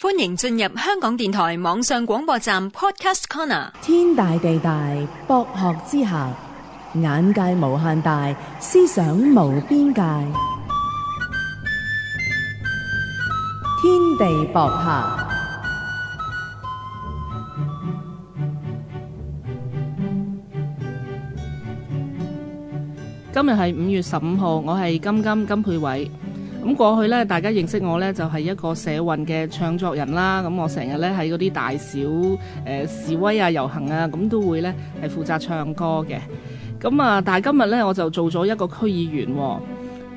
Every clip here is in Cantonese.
歡迎進入香港電台網上廣播站 Podcast Corner。天大地大，博學之下，眼界無限大，思想無邊界。天地博客。今日係五月十五號，我係金金金佩偉。咁過去咧，大家認識我咧，就係、是、一個社運嘅唱作人啦。咁我成日咧喺嗰啲大小誒、呃、示威啊、遊行啊，咁都會咧係負責唱歌嘅。咁啊，但係今日咧，我就做咗一個區議員、哦。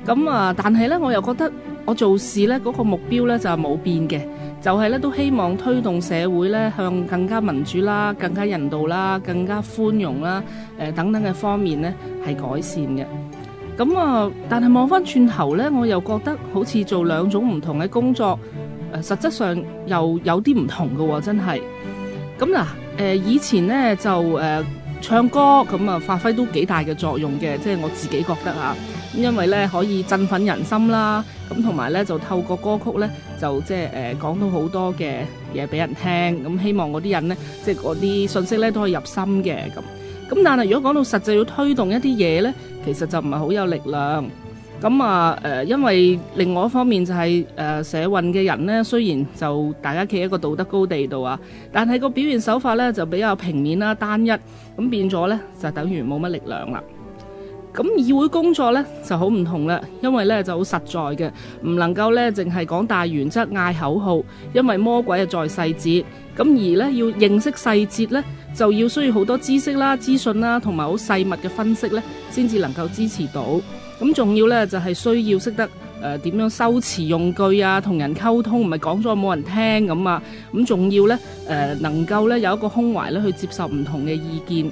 咁啊，但係咧，我又覺得我做事咧嗰、那個目標咧就係冇變嘅，就係咧、就是、都希望推動社會咧向更加民主啦、更加人道啦、更加寬容啦、誒、呃、等等嘅方面咧係改善嘅。咁啊，但係望翻轉頭咧，我又覺得好似做兩種唔同嘅工作，誒，實質上又有啲唔同嘅喎，真係。咁嗱，誒以前咧就誒唱歌，咁啊發揮都幾大嘅作用嘅，即係我自己覺得嚇，因為咧可以振奮人心啦，咁同埋咧就透過歌曲咧，就即係誒講到好多嘅嘢俾人聽，咁希望嗰啲人咧，即係嗰啲信息咧都可以入心嘅咁。咁但係如果講到實際要推動一啲嘢咧，其實就唔係好有力量，咁啊誒，因為另外一方面就係、是、誒、呃、社運嘅人呢，雖然就大家企喺一個道德高地度啊，但係個表現手法呢，就比較平面啦、單一，咁變咗呢，就等於冇乜力量啦。咁議會工作呢就好唔同啦，因為呢就好實在嘅，唔能夠呢淨係講大原則、嗌口號，因為魔鬼啊在細節。咁而呢要認識細節呢，就要需要好多知識啦、資訊啦，同埋好細密嘅分析呢，先至能夠支持到。咁仲要呢就係需要識得誒點樣修辭用句啊，同人溝通唔係講咗冇人聽咁啊。咁仲要呢誒，能夠呢有一個胸懷呢去接受唔同嘅意見。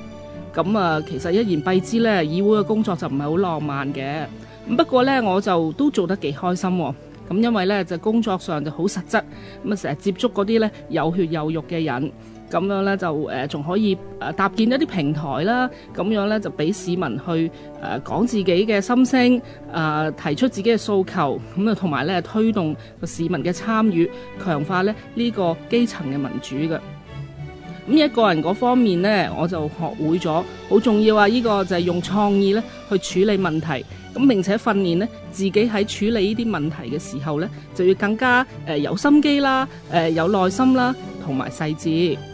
咁啊，其實一言蔽之咧，議會嘅工作就唔係好浪漫嘅。咁不過咧，我就都做得幾開心。咁因為咧，就工作上就好實質，咁啊成日接觸嗰啲咧有血有肉嘅人，咁樣咧就誒仲可以誒搭建一啲平台啦，咁樣咧就俾市民去誒講自己嘅心聲，誒、呃、提出自己嘅訴求，咁啊同埋咧推動個市民嘅參與，強化咧呢個基層嘅民主嘅。咁一個人嗰方面呢，我就學會咗好重要啊！呢個就係用創意咧去處理問題，咁並且訓練咧自己喺處理呢啲問題嘅時候咧，就要更加誒有心機啦，誒有耐心啦，同埋細致。